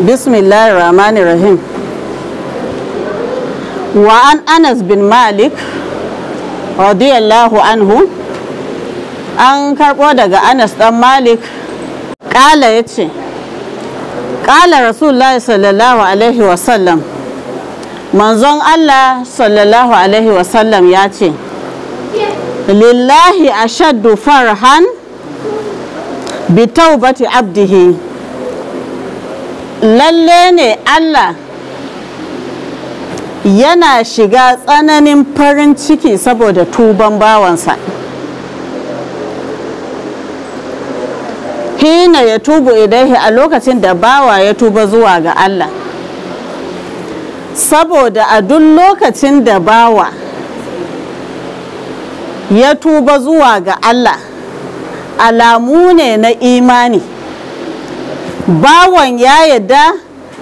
bismillahir rahmanir rahim wa an anas bin malik radiyallahu anhu an karɓo daga anas ɗan malik Kala ya ce Kala rasulullahi sallallahu alaihi wasallam manzon allah sallallahu alaihi wasallam ya ce lillahi ashaddu farhan bi taubati abdihi lalle ne Allah yana shiga tsananin farin ciki saboda tuban bawansa hina ya tubu idaihi a lokacin da bawa ya tuba zuwa ga Allah saboda a duk lokacin da bawa ya tuba zuwa ga Allah alamu ne na imani bawan ya yadda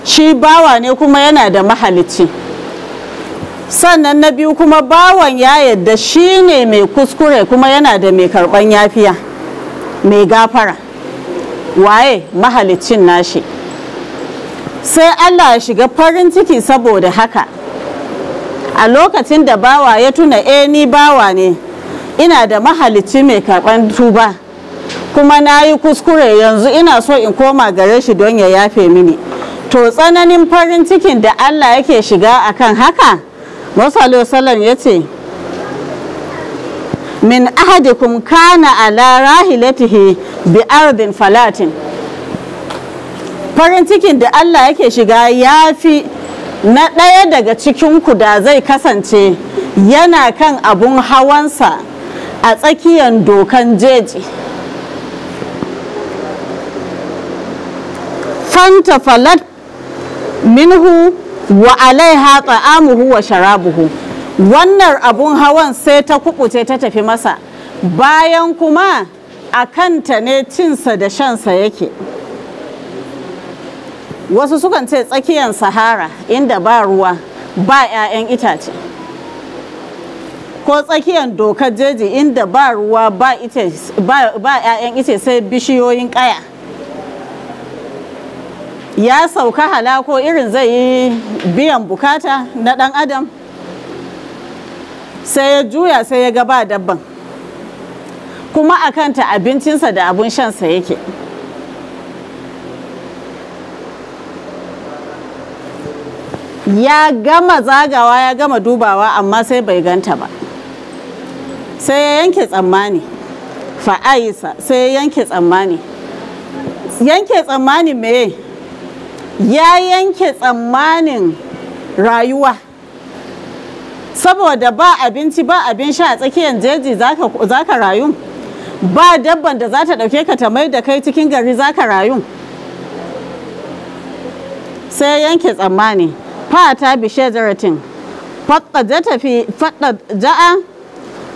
shi bawa ne kuma yana da mahalici sannan na biyu kuma bawan ya yadda shi ne mai kuskure kuma yana da mai karban yafiya mai gafara waye mahalicin nashi sai allah ya shiga farin ciki saboda haka a lokacin da bawa ya tuna e ni bawa ne ina da mahalicci mai karban tuba kuma na yi kuskure yanzu ina so in koma gare shi don ya yafe mini to tsananin farin cikin da Allah yake shiga akan haka wasu salam ya ce min ahadikum kana ala rahilatihi bi ardin falatin farin cikin da Allah yake shiga ya fi na ɗaya daga cikinku da zai kasance yana kan abun hawansa a tsakiyar dokan jeji kanta falat minhu wa alaiha ta'amuhu wa sharabuhu wannan abun hawan sai ta kubuce ta tafi masa bayan kuma a kanta ne cinsa da shansa yake wasu sukan ce tsakiyar sahara inda ba ruwa ba 'ya'yan itace ko tsakiyar dokar jeji inda ba ruwa ba 'ya'yan ice sai bishiyoyin kaya ya sauka halako irin zai yi biyan bukata na ɗan adam sai ya juya sai ya gaba dabban kuma a kanta abincinsa da abin shansa yake ya gama zagawa ya gama dubawa amma sai bai ganta ba sai ya yanke tsammani fa'aisa sai ya yanke tsammani yanke tsammani meye ya yanke tsammanin rayuwa saboda ba abinci ba abin sha a tsakiyar jeji za ka rayu ba dabban da za ta ɗauke ka ta mai da kai cikin gari za ka rayu sai yanke tsammani fata bishe jaratin faɗa ja'a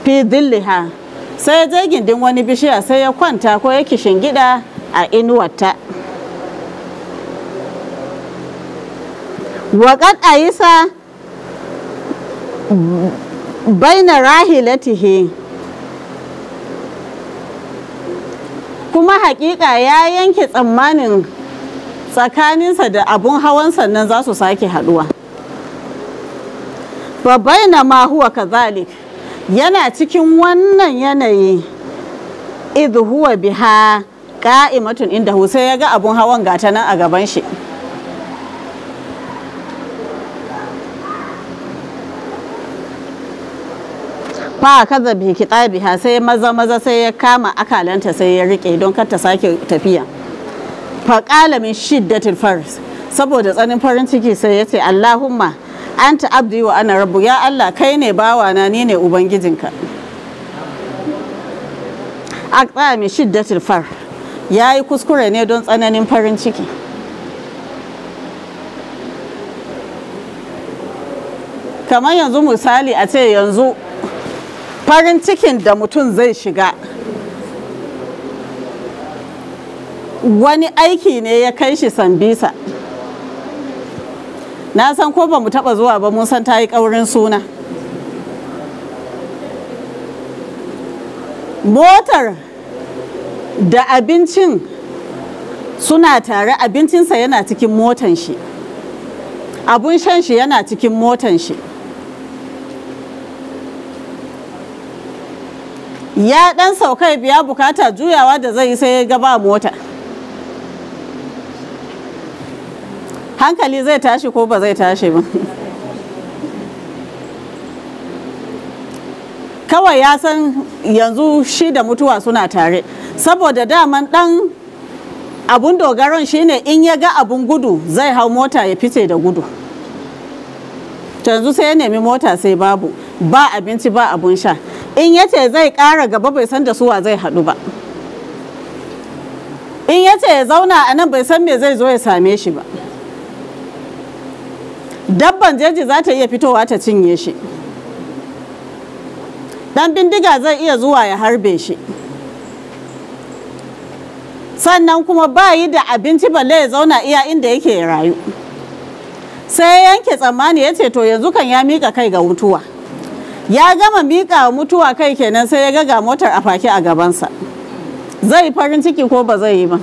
fi dilliha sai ya je gindin wani bishiya sai ya kwanta ko ya kishin gida a inuwarta. waƙad a baina rahilati he kuma hakika ya yanke tsammanin tsakaninsa da abun hawan sannan za su sake haduwa babbai na mahuwa kazalik yana cikin wannan yanayi idh huwa biha ka'imatun inda sai ya ga abun hawan gata nan a gaban shi fa kaza bi kitabiha sai maza maza sai ya kama akalanta sai ya rike don kar ta sake tafiya fa qala min shiddatil faris saboda tsanin farin ciki sai ya ce Allahumma anta abdi wa ana rabbu ya Allah kai ne bawana ni ne ubangijinka aqta min shiddatil far yayi kuskure ne don tsananin farin ciki kamar yanzu misali a ce yanzu farin cikin da mutum zai shiga wani aiki ne ya kai shi sambisa na san ko ba mu taba zuwa ba mun san ta yi ƙaurin suna motar da abincin suna tare abincinsa yana cikin motan shi abun shan shi yana cikin motan shi ya dan sauka biya bukata juyawa da zai sai ya gaba mota hankali zai tashi ko ba zai tashi ba kawai ya san yanzu shi da mutuwa suna tare saboda daman dan abun dogaron shine in ya ga abun gudu zai hau mota ya fice da gudu yanzu sai ya nemi mota sai babu ba abinci ba abun sha in ya ce zai ƙara gaba bai san da suwa zai haɗu ba in ya ce ya zauna a nan bai san me zai zo ya same shi ba dabban jeji za ta iya fitowa ta cinye shi dan bindiga zai iya zuwa ya harbe shi sannan kuma ba yi da abinci balle ya zauna iya inda yake rayu sai yanke tsammani ya ce to yanzu kan ya mika kai ga mutuwa ya gama miƙa mutuwa kai kenan sai ya ga ga motar a fake a gabansa zai farin ciki ko ba zai yi ba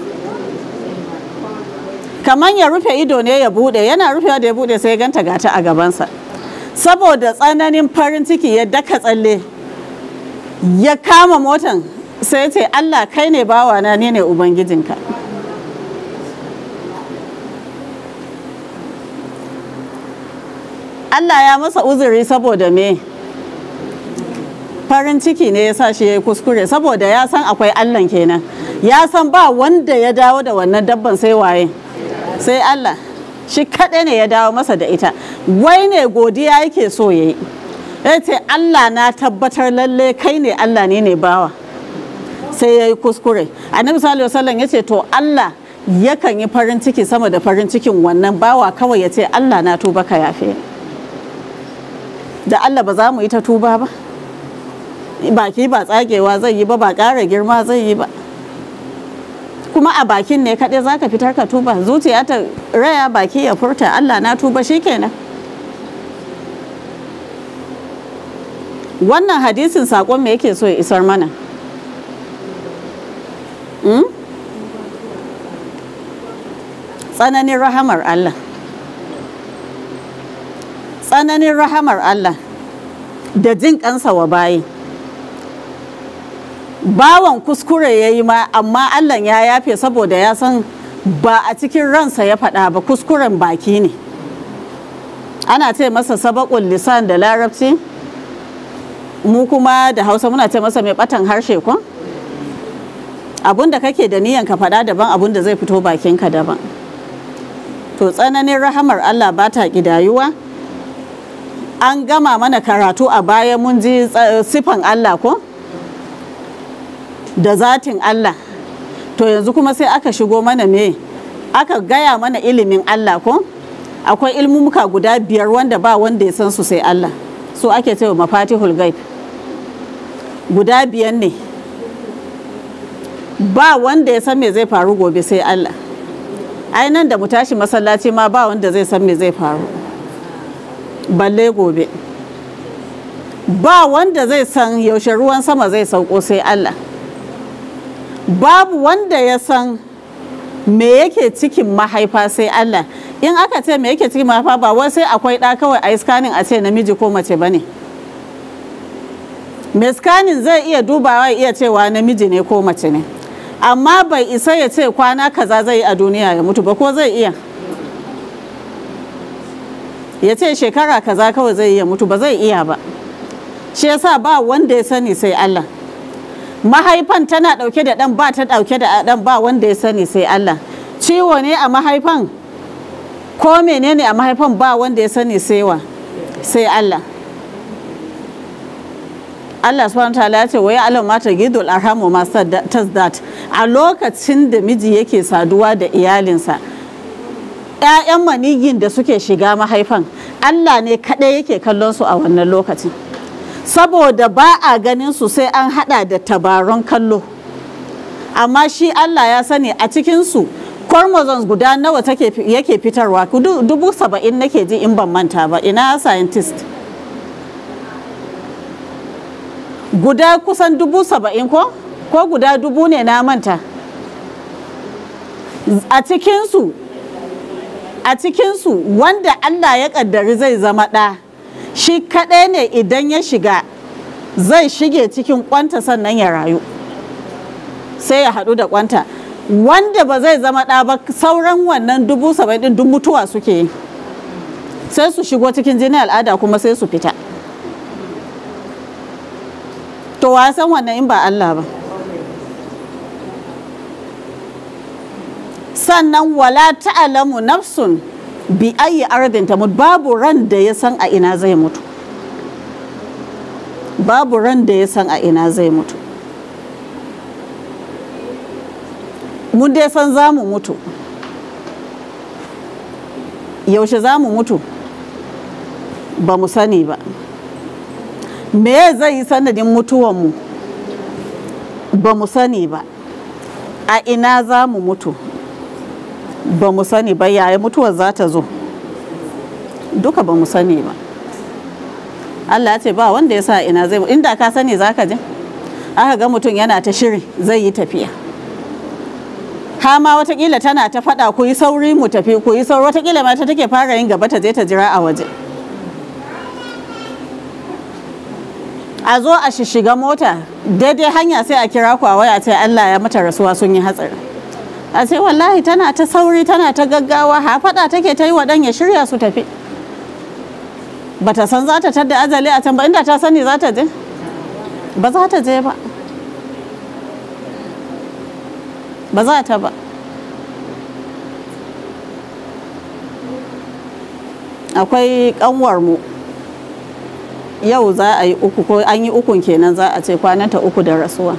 kamar ya rufe ido ne ya bude yana rufewa da ya bude sai ya ganta gata a gabansa saboda tsananin farin ciki ya daka tsalle ya kama motan sai ce allah kai ne bawana ne ne ubangijinka allah ya masa uzuri saboda me farin ciki ne ya sa shi ya yi kuskure saboda ya san akwai allah kenan ya san ba wanda ya dawo da wannan dabban sai waye sai allah shi kaɗai ne ya dawo masa da ita wai ne godiya yake so ya yi ya ce allah na tabbatar lalle kai ne allah ne ne bawa sai ya yi kuskure annabi misali wasallam ya ce to allah yakan yi farin ciki sama da farin cikin wannan bawa kawai ya ce allah na tuba ka yafe da allah ba za mu yi ta tuba ba baki ba tsagewa zai yi ba ba ƙara girma zai yi ba kuma a bakin ne kaɗai za ka fitar ka tuba zuciya ta raya baki ya furta allah na tuba shikenan wannan hadisin saƙon me yake so ya isar mana hmm? tsananin rahamar allah tsananin rahamar allah da jin kansa wa bayi bawan kuskure ya yi ma amma allah ya yafe saboda ya san ba a cikin ransa ya faɗa ba kuskuren baki ne ana ce masa sabakun lisan da larabci mu kuma da hausa muna ce masa mai batan harshe kun abun kake da niyan ka faɗa daban abun zai fito bakinka daban to tsananin rahamar allah ba ta ƙidayuwa an gama mana karatu a baya mun ji eh, sifan allah ko da zatin Allah to yanzu kuma sai aka shigo mana me aka gaya mana ilimin Allah ko akwai ilmumuka guda biyar wanda ba wanda ya san su sai Allah so ake cewa mafatihul gaib guda biyan ne ba wanda ya san me zai faru gobe sai Allah ai nan da mu tashi masallaci ma ba wanda zai san me zai faru balle gobe ba wanda zai san yaushe ruwan sama zai sauko sai Allah babu wanda ya san me yake cikin mahaifa sai Allah in aka ce me yake cikin mahaifa ba wai sai akwai ɗa kawai a scanning a ce namiji ko mace ba ne mai scanning zai iya dubawa ya iya cewa namiji ne ko mace ne amma bai isa ya ce kwana kaza zai yi a duniya ya mutu ba ko zai iya ya ce shekara kaza kawai zai iya mutu ba zai iya ba shi yasa ba wanda ya sani sai Allah mahaifan tana ɗauke da ɗan ba ta ɗauke da ɗan ba wanda ya sani sai Allah ciwo ne a mahaifan ko menene a mahaifan ba wanda ya sani sai wa sai Allah Allah subhanahu ta'ala ya ce waya alam mata gidul arhamu ma tasdat a lokacin da miji yake saduwa da iyalinsa ƴaƴan manigin da suke shiga mahaifan Allah ne kaɗai yake kallon su a wannan lokacin saboda ba a ganin su sai an hada da tabaron kallo amma shi Allah ya sani a cikin su. chromosomes guda nawa yake fitarwa dubu saba'in nake ji in ban manta ba ina scientist guda kusan dubu saba'in ko ko guda dubu ne na manta a su a su wanda Allah ya kaddari zai zama ɗa shi kaɗai ne idan ya shiga zai shige cikin kwanta sannan ya rayu sai ya haɗu da kwanta wanda ba zai zama ɗa ba sauran wannan dubu saba'in mutuwa suke yi sai su shigo cikin jinin al'ada kuma sai su fita to wasan wannan in ba Allah ba sannan wala ta'alamu nafsun bi ayi ardin ta mutu babu ran da ya san a ina zai mutu babu ran da ya san a ina zai mutu mun dai san za mu mutu yaushe za mu mutu ba mu sani ba me zai yi sanadin mutuwanmu ba mu sani ba a ina za mu mutu ba mu sani ba yaya mutuwar za ta zo duka ba mu sani ba Allah ce ba wanda ya sa ina zai inda ka sani za ka je aka ga mutum yana ta shiri zai yi tafiya Hama watakila tana ta faɗa ku yi sauri mu tafi ku yi sauri watakila mata take fara yin gaba ta je ta jira a waje a zo a shishiga mota daidai hanya sai a kira ku a waya ce Allah ya mata rasuwa sun yi hatsari a sai wallahi tana ta sauri tana ta gaggawa ha faɗa take ta yi wa ɗan ya shirya su tafi Ba ta san za ta tadda azali a can ba inda ta sani za ta je ba za ta je ba ba za ta ba akwai mu yau za a yi uku ko an yi ukun kenan za a ce kwananta uku da rasuwa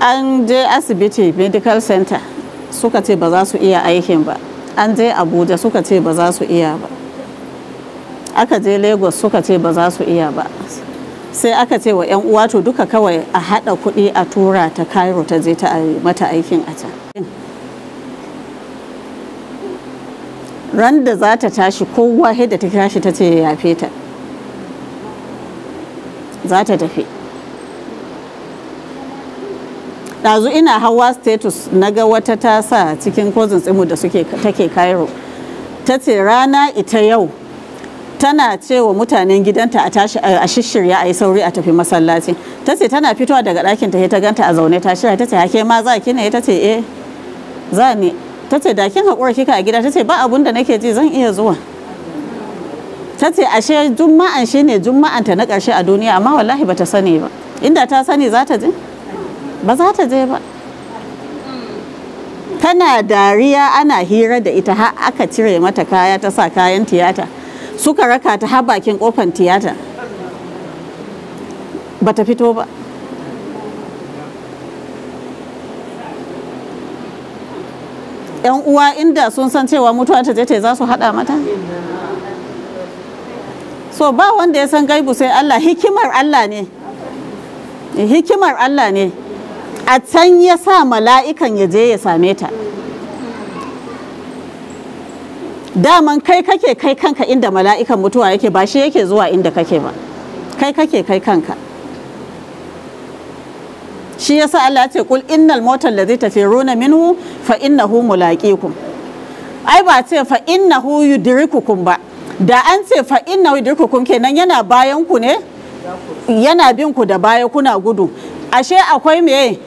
an je asibiti medical center suka ce ba za su iya aikin ba an je abuja suka ce ba za su iya ba aka je lagos suka ce ba za su iya ba sai aka ce wa 'yan uwa to duka kawai a haɗa kuɗi a tura ta cairo ta je ta mata aikin a can ran da za ta tashi kowa da ta tashi ta ce ya yafe ta za ta tafi ɗazu ina hawa status na ga wata ta sa cikin cousins ɗinmu da suke take cairo ta ce rana ita yau tana cewa mutanen gidanta a tashi a shishirya a yi sauri a tafi masallaci ta ce tana fitowa daga ɗakin ta ta ganta a zaune ta shirya ta ce hake ma za ki ne ta ce eh za ni ta ce da kin haƙura kika a gida ta ce ba abun da nake ji zan iya zuwa ta ce ashe juma'an shine juma'an juma'anta na ƙarshe a duniya amma wallahi bata sani ba inda ta sani za ta ji ba za ta je ba tana dariya ana hira da ita har aka cire mata kaya ta sa kayan tiyata suka raka ta har bakin kofan tiyata ba ta fito ba yan uwa inda sun san cewa mutuwa ta je za su hada mata so ba wanda ya san gaibu sai Allah hikimar Allah ne eh, hikimar Allah ne a can ya sa mala'ikan ya je ya same ta daman kai kake kai kanka inda mala'ikan mutuwa yake ba shi yake zuwa inda kake ba kai kake kai kanka shi yasa Allah ce kul innal motar da zai tafi runa minhu fa innahu mulaqikum ai ba ce fa innahu yudrikukum ba da an ce fa innahu yudrikukum kenan yana bayan ku ne yana bin ku da baya kuna gudu ashe akwai me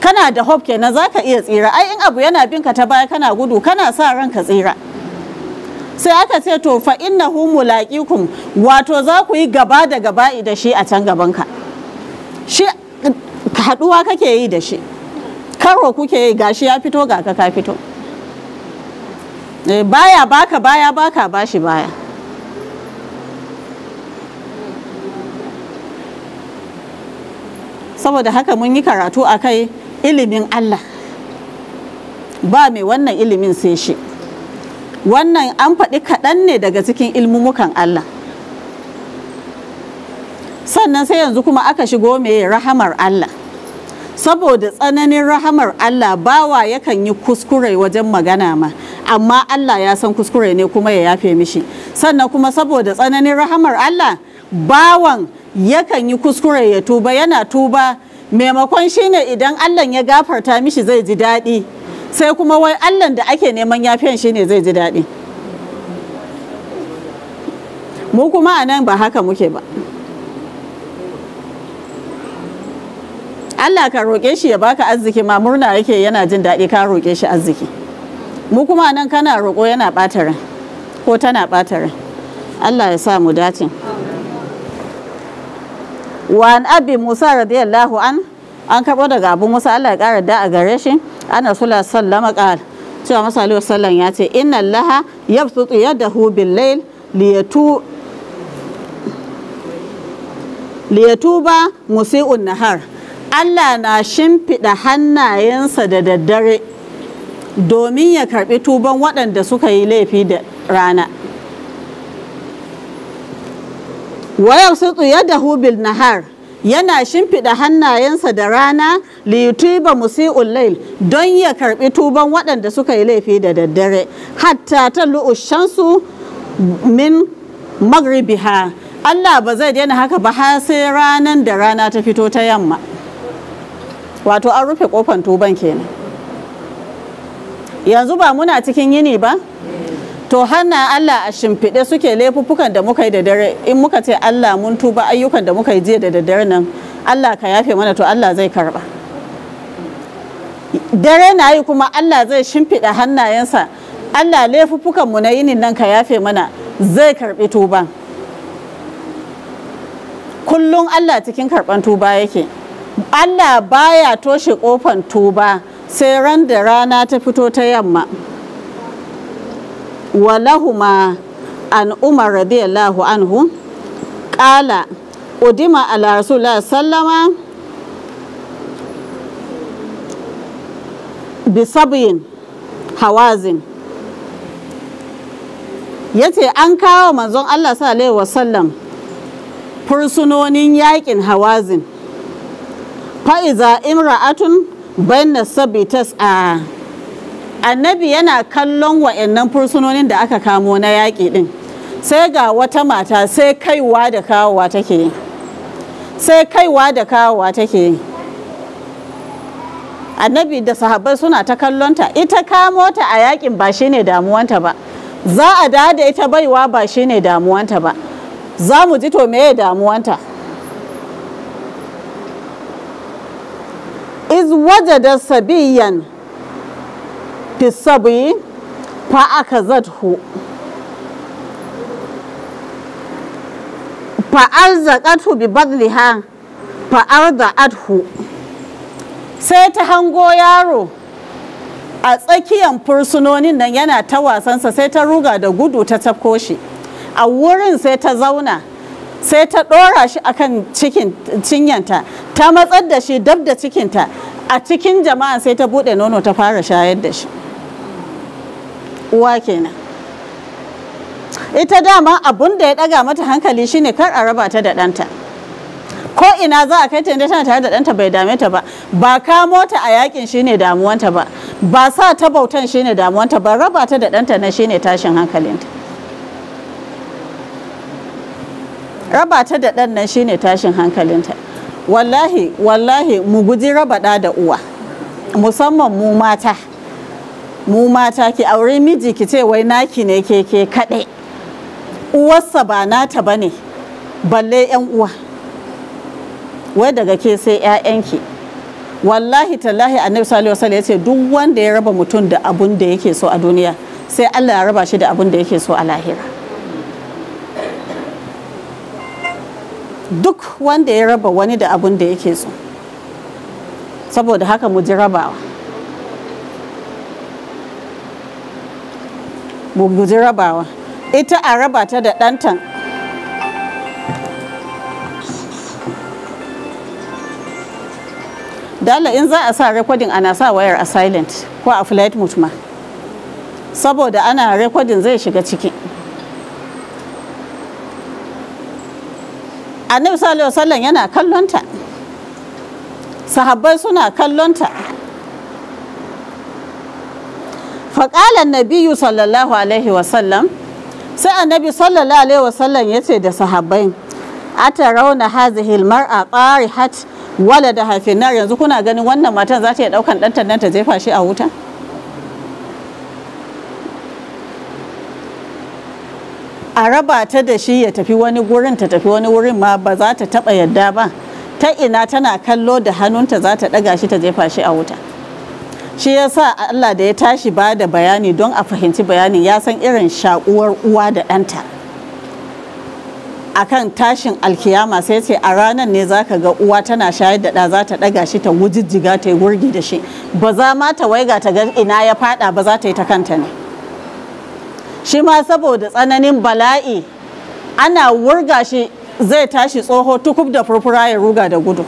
kana da hope kenan zaka iya tsira ai in abu yana binka ta baya kana gudu kana sa ranka tsira sai aka ce to fa innahu mulaqikum wato za ku yi gaba da gaba'i da shi a can gaban ka. shi haduwa kake yi da shi karo kuke yi gashi ya fito ga ka ka fito eh, baya baka baya baka bashi baya saboda haka mun yi karatu a kai ilimin Allah ba mai wannan ilimin sai shi wannan an faɗi kaɗan ne daga cikin ilmumukan Allah sannan sai yanzu kuma aka shigo mai rahamar Allah saboda tsananin rahamar Allah bawa yakan yi kuskure wajen magana ma amma Allah ya san kuskure ne kuma ya yafe mishi sannan kuma saboda tsananin rahamar Allah bawan yakan yi kuskure ya tuba yana tuba maimakon shine idan Allah ya gafarta mishi zai ji daɗi sai kuma wai Allah da ake neman yafiyan shine zai ji daɗi mu kuma a nan ba haka muke ba Allah ka roƙe shi ya baka arziki ma murna yake yana jin daɗi ka roƙe shi arziki mu kuma a nan kana roƙo yana ɓata ko tana ɓata Allah ya sa mu dace. wa abi musa radiyallahu an an karɓo daga abu musa allah ya ƙara da a gare shi ana sula sallama ƙar cewa masu alaihi wasallam ya ce inna allaha yabsutu yadahu bil layl liyatu liyatuba musi'un nahar Allah na shimfiɗa hannayensa da daddare domin ya karɓi tuban waɗanda suka yi laifi da rana wayar ya da hubil nahar yana shimfiɗa hannayensa da rana liyutuba musi'ul lail don ya karɓi tuban waɗanda suka yi laifi da daddare hatta ta lu'ushansu min magribiha Allah ba zai daina haka ba har sai ranan da rana ta fito ta yamma wato an rufe kofan tuban kenan yanzu ba muna cikin yini ba to hana Allah a shimfiɗe suke laifuffukan da muka yi da dare in muka ce Allah mun tuba ayyukan da muka yi jiya da daddare nan Allah ka yafe mana to Allah zai karba dare na yi kuma Allah zai shimfiɗa hannayensa Allah laifuffukan mu na yinin nan ka yafe mana zai karbi tuba kullum Allah cikin karban tuba yake Allah baya toshe kofan tuba sai ran da rana ta fito ta yamma Walahuma lahuma an umar radiyallahu anhu qala udima ala rasulullah sallama bisabiyin hawazin ya an kawo manzon Allah sallallahu wasallam fursunonin yakin hawazin fa'iza imra'atun bayan sabi tas'a annabi yana kallon wa'annan fursunonin da aka kamo na yaƙi ɗin sai ga wata mata sai kaiwa da kawowa take yi sai kaiwa da kawowa take yi annabi da sahabbai suna ta kallonta ita kamo ta a yaƙin ba shi ne damuwanta ba za a da ita baiwa ba shi ne damuwanta ba za mu ji to meye damuwanta iz wajada sabiyan bisabi fa aka zadhu fa'arzaqathu bi badliha sai ta hango yaro a tsakiyan fursunonin nan yana ta wasansa sai ta ruga da gudu ta tafko shi a wurin sai ta zauna sai ta ɗora shi akan cikin cinyanta ta matsar da shi dab da cikinta a cikin jama'a sai ta buɗe nono ta fara shayar da shi uwa kenan ita dama abun da ya daga mata hankali shine kar a raba ta da ɗanta ko ina za a kai ta inda tana tare da ɗanta bai dame ta ba ba ka mota a yakin shine damuwanta ba ba sa ta bautan shine damuwanta ba raba ta da ɗanta na shine tashin hankalinta raba ta da ɗan nan shine tashin hankalinta wallahi wallahi mu guji raba ɗa da uwa musamman mu mata mu mata ki aure miji ki ce wai naki ne ke ke kaɗai uwarsa ba nata ba ne balle yan uwa wai daga ke sai 'ya'yanki wallahi tallahi annabi sallallahu alaihi wasallam duk wanda ya raba mutum da abun da yake so a duniya sai Allah ya raba shi da abun da yake so a lahira duk wanda ya raba wani da abun da yake so saboda haka mu ji rabawa guji rabawa ita a raba ta da ɗantan dala in za a sa rekodin ana sa wayar a silent ko a flight mode ma saboda ana rekodin zai shiga ciki annabi sallallahu alaihi wasallam yana kallonta sahabbai suna kallonta faƙalan nabiyu sallallahu alaihi wasallam sai annabi sallallahu alaihi wasallam ya ce da sahabbai ata rauna hazihil mar'a hat wala da hafinar yanzu kuna ganin wannan matan za ta iya ɗaukan ɗanta nan ta jefa shi a wuta a raba ta da shi ya tafi wani gurin ta tafi wani wurin ma ba za ta taɓa yadda ba ta ina tana kallo da hannunta za ta ɗaga shi ta jefa shi a wuta shi ya sa Allah da ya tashi ba da bayani don a fahimci bayanin ya san irin shakuwar uwa da ɗanta akan tashin alkiyama sai ce a ranar ne za ka ga uwa tana shayar da ɗa za ta ɗaga shi ta wujijjiga ta yi wurgi da shi ba za ma ta waiga ta ga ina ya faɗa ba za ta yi ta kanta ne shi ma saboda tsananin bala'i ana wurga shi zai tashi tsoho tukub da furfura ya ruga da gudu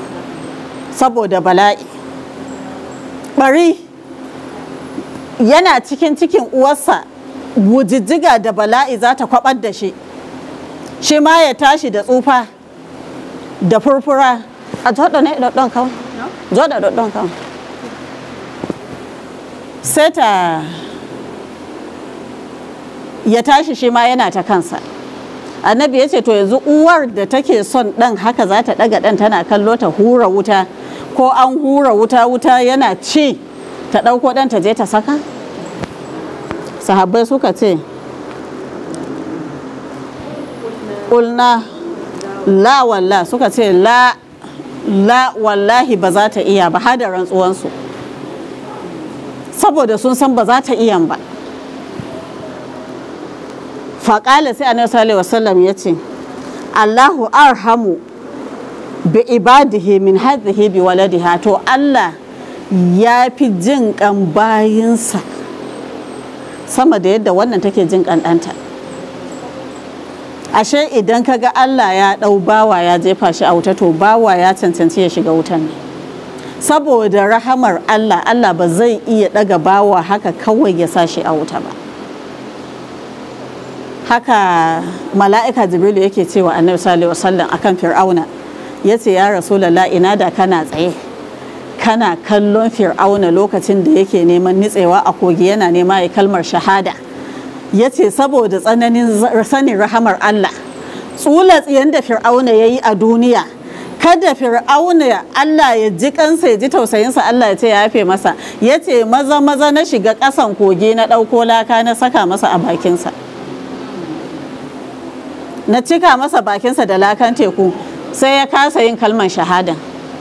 saboda bala'i bari yana cikin cikin uwarsa wujijjiga da bala'i za ta kwabar da shi shi ma ya tashi da tsufa da furfura a jodo ne dodon kawo jodo dodon kawo sai ta ya tashi shi ma yana ta kansa annabi ya ce to yanzu uwar da take son dan haka za ta ɗaga dan tana kallo ta hura wuta ko an hura wuta wuta yana ci ta ɗauko ɗan ta je ta saka sahabbai suka ce ƙulna la walla suka ce la wallahi ba za ta iya ba hada rantsuwansu saboda sun san ba za ta iya ba faƙala sai annabi sallallahu wasallam ya ce allahu arhamu bi ibadihi min hadhihi bi waladiha to allah ya fi jin kan bayinsa sama da yadda wannan take jin ƙanɗanta ashe idan kaga Allah ya ɗau bawa ya jefa shi a wuta to bawa ya cancanci ya shiga wutan ne saboda rahamar Allah Allah ba zai iya ɗaga bawa haka kawai ya sa shi a wuta ba haka mala'ika jibrilu yake cewa annabi sallallahu alaihi wasallam akan fir'auna yace ya rasulullah ina da kana tsaye kana kallon fir'auna lokacin da yake neman nitsewa a kogi yana nema ya kalmar shahada ya ce saboda tsananin sanin rahamar Allah tsula yadda da fir'auna ya yi a duniya kada fir'auna Allah ya ji kansa ya ji tausayinsa Allah ya ce ya yafe masa ya ce maza maza na shiga kasan kogi na ɗauko laka na saka masa a bakinsa na cika masa bakinsa da lakan teku sai ya kasa yin kalmar shahada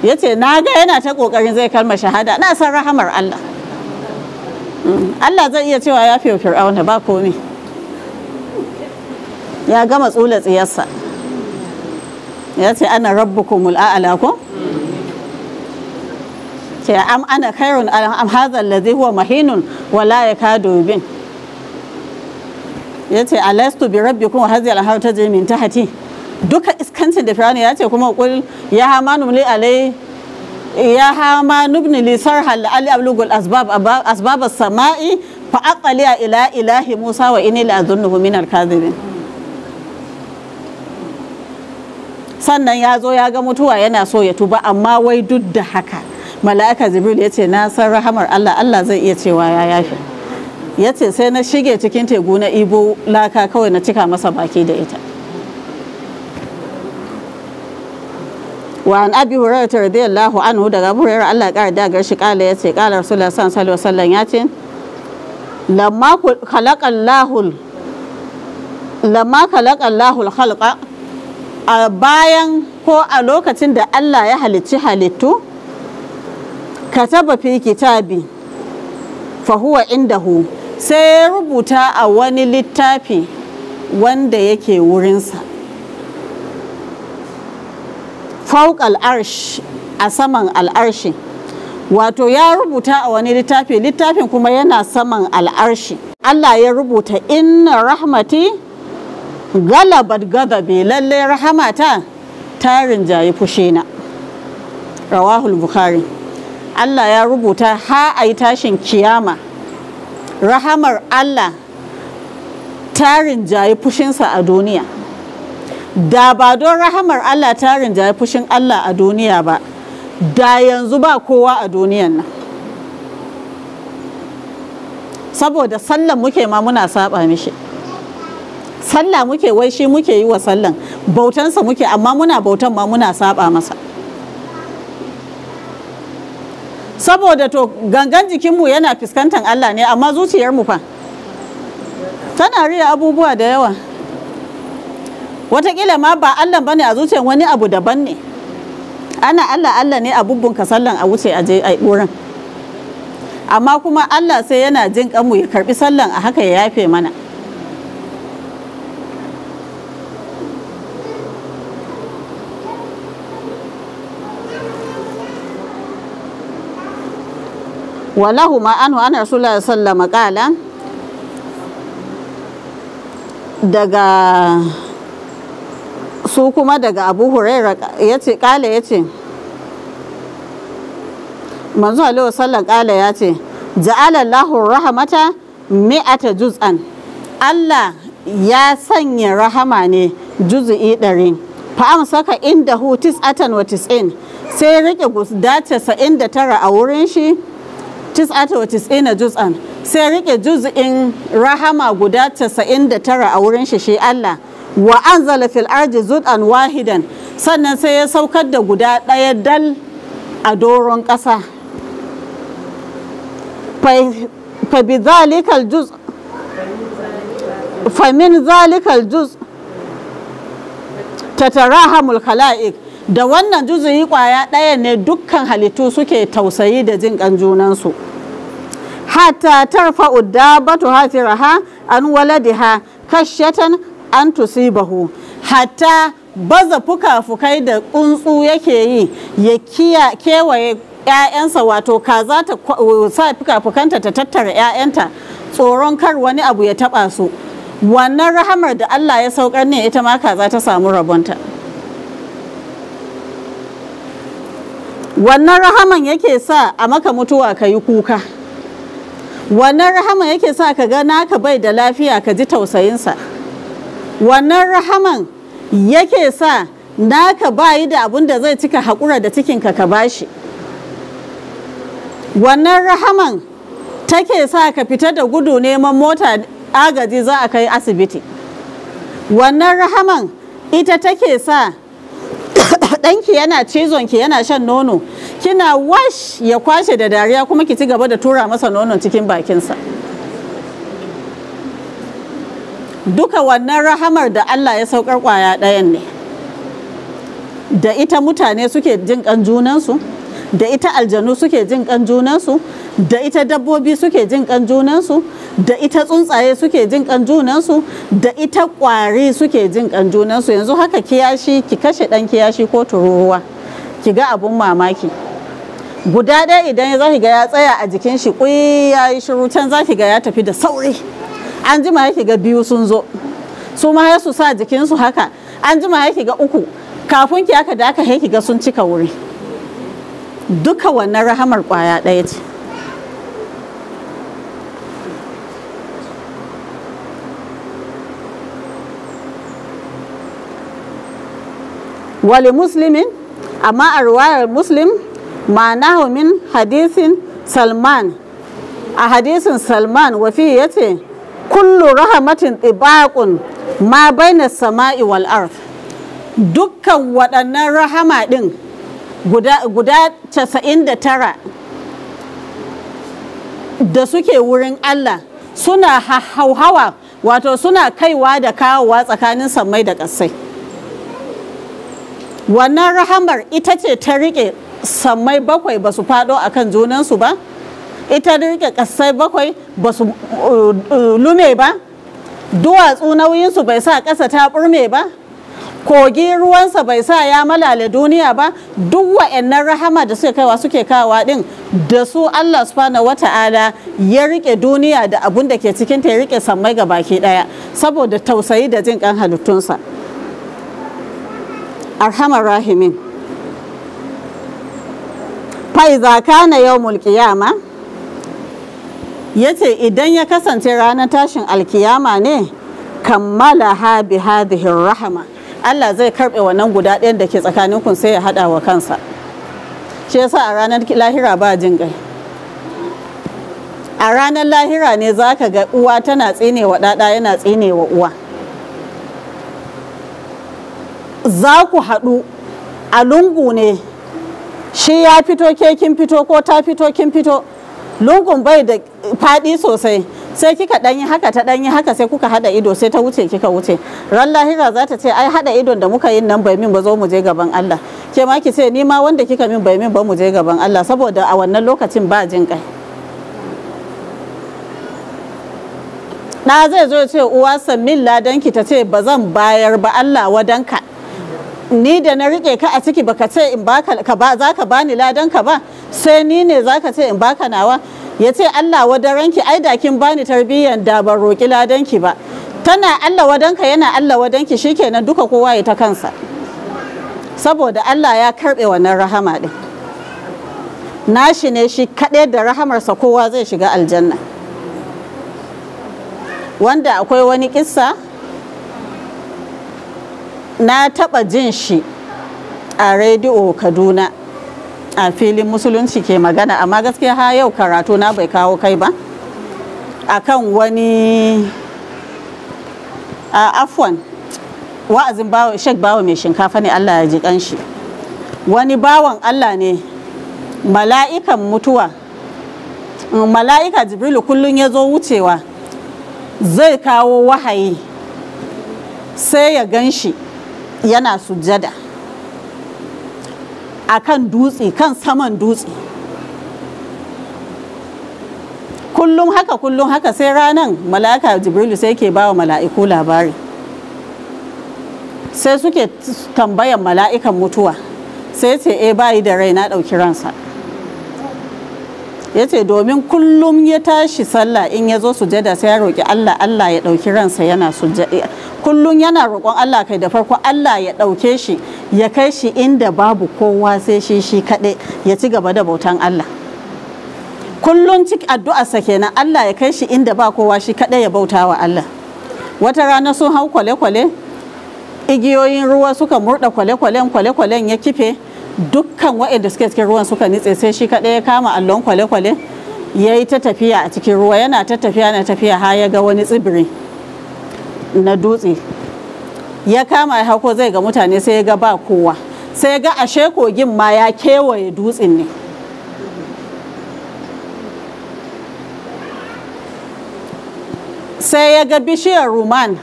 ya ce na ga yana ta ƙoƙarin zai kalma shahada na san rahamar Allah mm. Allah zai iya cewa ya fi fir'auna ba komi ya gama tsula tsiyarsa ya ce ana rabbukumul a'ala ko ce am ana khairun am hadha alladhi huwa mahinun wa la yakadu bin yace alastu bi rabbikum hadhihi al-harta min tahti duka iskancin da firani ya ce kuma kul ya hama numli alai ya hama nubni lisar sarhal ali ablugul asbab samai fa a ila ilahi musa wa inni la azunnuhu min al sannan ya zo ya ga mutuwa yana so ya tuba amma wai duk da haka mala'ika jibril ya ce na san rahamar allah allah zai iya cewa ya yafe ya ce sai na shige cikin tegu na ibo laka kawai na cika masa baki da ita wa an abi hurairah radiyallahu anhu daga abu hurairah Allah ya da garshi kala ya ce kala rasulullah sallallahu alaihi wasallam ya ce lamma khalaqa Allahul lamma a bayan ko a lokacin da Allah ya halicci halittu kataba fi kitabi fa huwa indahu sai ya rubuta a wani littafi wanda yake wurinsa fauƙal arsh a saman al'arshi wato ya rubuta a wani littafi littafin kuma yana saman al'arshi Allah ya rubuta inna rahmati galabat gadabe lallai rahamata ta rinjaye fushina rawahul bukhari Allah ya rubuta ha a yi tashin kiyama rahamar Allah ta rinjayi fushinsa a duniya da ba don rahamar Allah ta rinja fushin Allah a duniya ba da yanzu ba kowa a duniyan nan saboda sallan muke ma muna saba mishi sallah muke wai shi muke yi wa sallan bautansa muke amma muna bautan ma muna saba masa saboda to gangan jikinmu yana fuskantar Allah ne amma zuciyarmu fa tana riya abubuwa da yawa watakila ma ba allah bane a zuciyar wani abu daban ne ana allah allah ne a bubbunka sallan a wuce a je a amma kuma allah sai yana jin kanmu ya karɓi sallan a haka ya yafe mana walahu ma ana an rasulullah sallama kala daga su kuma daga abu huraira ya ce kala ya ce manzo alaihi sallan kala ya ce ja'alallahu rahamata mi'ata juz'an Allah ya sanya rahama ne juz'i ɗari fa'am saka inda hu tis'atan wa tis'in sai rike guda casa'in da tara a wurin shi tis'atan wa tis'ina juz'an sai rike juz'in rahama guda casa'in da tara a wurin shi shi Allah wa anzala fil arji zud'an wahidan sannan sai ya saukar da guda ɗaya dal a doron ƙasa fa bi zalikal juz fa min zalikal juz khalaiq da wannan juzuyi kwaya ɗaya ne dukkan halittu suke tausayi da jin ƙan junansu hatta tarfa'u dabatu hafiraha an waladiha kashshatan an tusibahu hatta baza fuka-fukai da tsuntsu yake yi ya kewaye 'ya'yansa wato kaza ta sa fuka-fukanta ta tattara 'ya'yanta tsoron kar wani abu ya taba su wannan rahamar da Allah ya saukar ne ita ma kaza ta samu rabonta wannan rahaman yake sa a maka mutuwa ka yi kuka wannan rahaman yake sa ka ga naka bai da lafiya ka ji tausayinsa wannan rahaman yake sa naka bayi da abun da zai cika haƙura da cikin ka ba shi. wannan rahaman take sa ka fita da gudu neman mota agaji za a kai asibiti wannan rahaman ita take sa ɗanki yana cizon ki yana shan nono kina wash ya kwashe da dariya kuma ki ci gaba da tura masa nonon cikin bakinsa. duka wannan rahamar da Allah ya saukar kwaya ɗayan ne da ita mutane suke jin kan junansu da ita aljanu suke jin kan junansu da ita dabbobi suke jin kan junansu da ita tsuntsaye suke jin kan junansu da ita kwari suke jin kan junansu yanzu haka kiyashi ki kashe dan kiyashi ko tururuwa ki ga abun mamaki guda ɗaya idan za ki ga ya tsaya a jikin shi ƙuyi ya yi shiru can za ki ga ya tafi da sauri an jima ya ga biyu sun zo su ma su sa jikinsu haka an jima ya ga uku kafin ki aka da ya ga sun cika wuri duka wannan rahamar kwaya ɗaya ce wali muslimin amma a ruwayar muslim ma'anahu min hadisin salman a hadisin salman wafi ya ce kullu Rahmatin tibaqun ma baina sama'i wal ard dukkan waɗannan rahama ɗin guda 99 da suke wurin Allah suna hauhawa wato suna kaiwa da kawowa tsakanin sammai da ƙasai wannan rahamar ita ce ta riƙe sammai bakwai ba su faɗo a kan junansu ba ita rike kasai bakwai ba su uh, uh, lume ba duwatsu nauyinsu bai sa ƙasa ta ɓurme ba kogi ruwansa bai sa ya malale duniya ba duk wa'annan rahama da suke kaiwa suke kawa din da su Allah subhanahu wata'ala ya rike duniya da abun da ke cikin ta ya rike sammai ga baki daya saboda tausayi da jin kan halittunsa arhamar rahimin fa iza kana yawmul qiyamah ya ce idan ya kasance ranar tashin alkiyama ne kammala ha bi rahama Allah zai karɓi wannan guda ɗayan da ke tsakanin kun sai ya haɗa wa kansa shi yasa a ranar lahira ba jin gai a ranar lahira ne za ka ga uwa tana tsine wa ɗaɗa yana tsine wa uwa za ku haɗu a lungu ne shi ya fito ke kin fito ko ta fito kin fito lungun bai da faɗi sosai sai kika ɗanyi haka ta ɗanyi haka sai kuka haɗa ido sai ta wuce kika wuce ran lahira za ta ce ai haɗa idon da muka yin nan bai min ba zo mu je gaban Allah ke ma ki ce ni ma wanda kika min bai min ba mu je gaban Allah saboda a wannan lokacin ba jin kai na zai zo ce uwa sammin ladanki ta ce ba zan bayar ba Allah wadanka ni da na rike ka a ciki baka ce in baka ka ba za ka bani ladan ka ba sai ni ne za ka ce in baka nawa ya ce Allah wadaranki ai da kin bani tarbiyyan da ban roƙi ladanki ba tana Allah wadanka yana Allah wadanki shikenan duka kowa ya ta kansa saboda Allah ya karɓe wannan rahama din nashi ne shi kaɗai da rahamarsa kowa zai shiga aljanna wanda akwai wani kissa na taɓa jin shi a rediyo kaduna a filin musulunci ke magana amma gaskiya ha yau karatu na bai kawo kai ba akan wani a afwan wa'azin bawa shek bawa mai shinkafa ne allah ya ji kanshi wani bawan allah ne mala'ikan mutuwa mm, mala'ika jibrilu kullum ya zo wucewa zai kawo wahayi sai ya gan shi yana sujada a kan dutse kan saman dutse kullum haka kullum haka sai ranan mala'ika jibrilu sai ke bawa mala'iku labari sai suke tambayan mala'ikan mutuwa sai ce e eh, bayi da rai na ɗauki ransa ya ce domin kullum ya tashi sallah in ya zo sujada sai ya roƙi Allah Allah ya ɗauki ransa yana sujada eh, kullum yana roƙon Allah kai da farko Allah ya ɗauke shi ya kai shi inda babu kowa sai shi shi kaɗai ya ci gaba da bautan Allah kullum cik addu'arsa kenan Allah ya kai shi inda ba kowa shi kaɗai ya bauta wa Allah wata rana sun hau kwale-kwale igiyoyin ruwa suka murɗa kwale-kwalen kwale-kwalen ya kife dukkan waɗanda suke cikin ruwan suka nitse sai shi kaɗai ya kama allon kwale-kwale ya yi ta tafiya a cikin ruwa yana ta tafiya na tafiya har ya ga wani tsibiri na dutse ya kama ya hako zai ga mutane sai ya ga ba kowa sai ya ga ashe kogin ma ya kewaye dutsen ne sai ya ga bishiyar ruman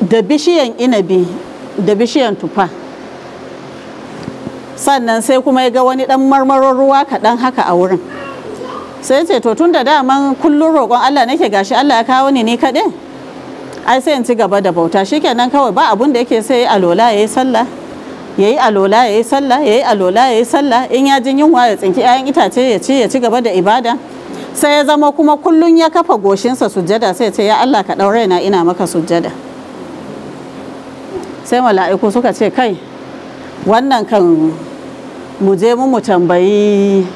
da bishiyan inabi da bishiyan tufa sannan sai kuma ya ga wani dan marmaron ruwa kaɗan haka a wurin sai ce to tun da daman kullun roƙon Allah nake gashi Allah ya kawo ni ni kaɗai ai sai in ci gaba da bauta shikenan kawai ba abun da yake sai alola yi sallah yayi alola yi sallah yayi alola yi sallah in ya jin yunwa ya tsinki 'ya'yan itace ya ci ya ci gaba da ibada sai ya zama kuma kullum ya kafa goshinsa sujjada sai ce ya Allah ka ɗaure na ina maka sujjada sai mala'iku suka ce kai wannan kan mu je mu tambayi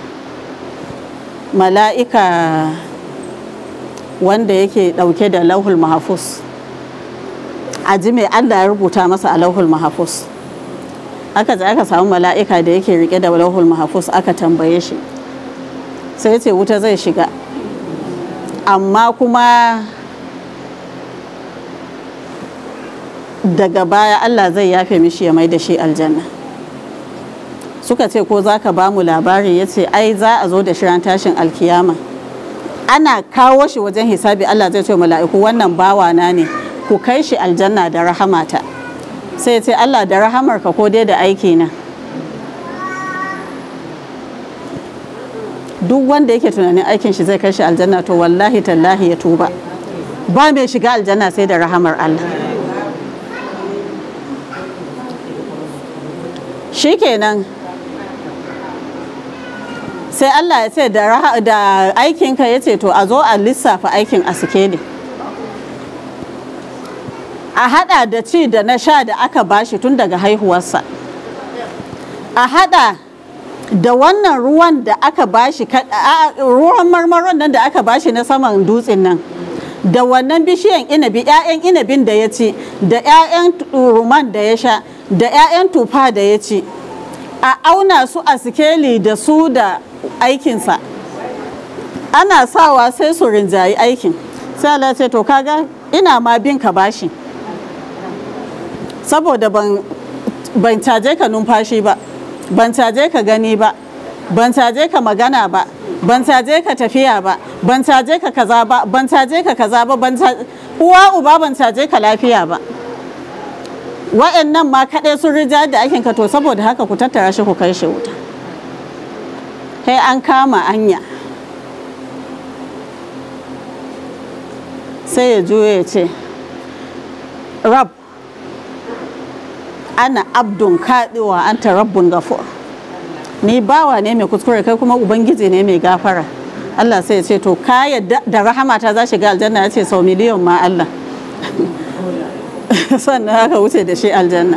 mala'ika wanda yake ɗauke da lauhul mahafus a ji mai allah ya rubuta masa a lauhul mahafus aka ji aka samu mala'ika da yake rike da lauhul mahafus aka tambaye shi sai ce wuta zai shiga amma kuma daga baya allah zai yafe mishi ya mai da shi aljanna suka ce ko za ka ba mu labari ya ce ai za a zo da shirin tashin alkiyama ana kawo shi wajen hisabi Allah zai ce mala'iku wannan bawa na ne ku kai shi aljanna da rahamata sai ce Allah da rahamarka ko dai da aiki na duk wanda yake tunanin aikin shi zai kai shi aljanna to wallahi tallahi ya tuba ba mai shiga aljanna sai da rahamar Allah Shi shikenan sai Allah ya ce da aikinka ya ce to a zo a lissafa aikin a sikeli a hada da ci da na sha da aka bashi tun daga haihuwarsa a hada da wannan ruwan da aka bashi ruwan marmaron nan da aka bashi na saman dutsen nan da wannan bishiyan inabi 'ya'yan inabin da ya ci da 'ya'yan ruman da ya sha da 'ya'yan tufa da ya ci a auna su a sikeli da su da aikinsa ana sawa sai su rinjayi aikin sai Allah ce to kaga ina ma bin ka bashi saboda ban caje ka numfashi ba ban caje ka gani ba ban caje ka magana ba ban caje ka tafiya ba ban caje ka kaza ba ban caje ka kaza ba ban uwa uba ban caje ka lafiya ba wa'annan ma kaɗai sun rija da aikin ka to saboda haka ku tattara shi ku kai shi wuta kai an kama anya sai ya juya ya ce rab ana abdun kaɗewa an ta rabbun gafur ni bawa ne mai kuskure kai kuma ubangiji ne mai gafara Allah sai ya ce to ka yadda da rahama ta za shiga aljanna ya ce sau miliyan ma Allah sannan aka wuce da shi aljanna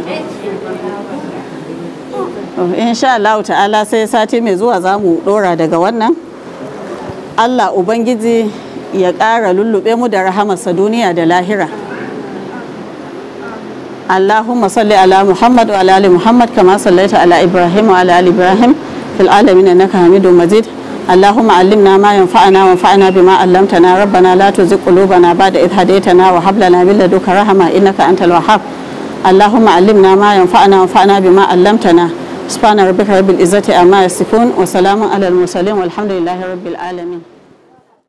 insha Allah ta'ala sai sati mai zuwa za mu dora daga wannan Allah Ubangiji ya ƙara lullube mu da rahamarsa duniya da lahira Allahumma salli ala Muhammad wa ala ali Muhammad kama sallaita ala Ibrahim wa ala ali Ibrahim fil alamin innaka hamidu Majid اللهم علمنا ما ينفعنا وانفعنا بما علمتنا ربنا لا تزغ قلوبنا بعد إذ هديتنا وهب لنا من لدنك رحمة إنك أنت الوهاب اللهم علمنا ما ينفعنا وانفعنا بما علمتنا سبحان ربك رب العزة عما يصفون وسلام على المرسلين والحمد لله رب العالمين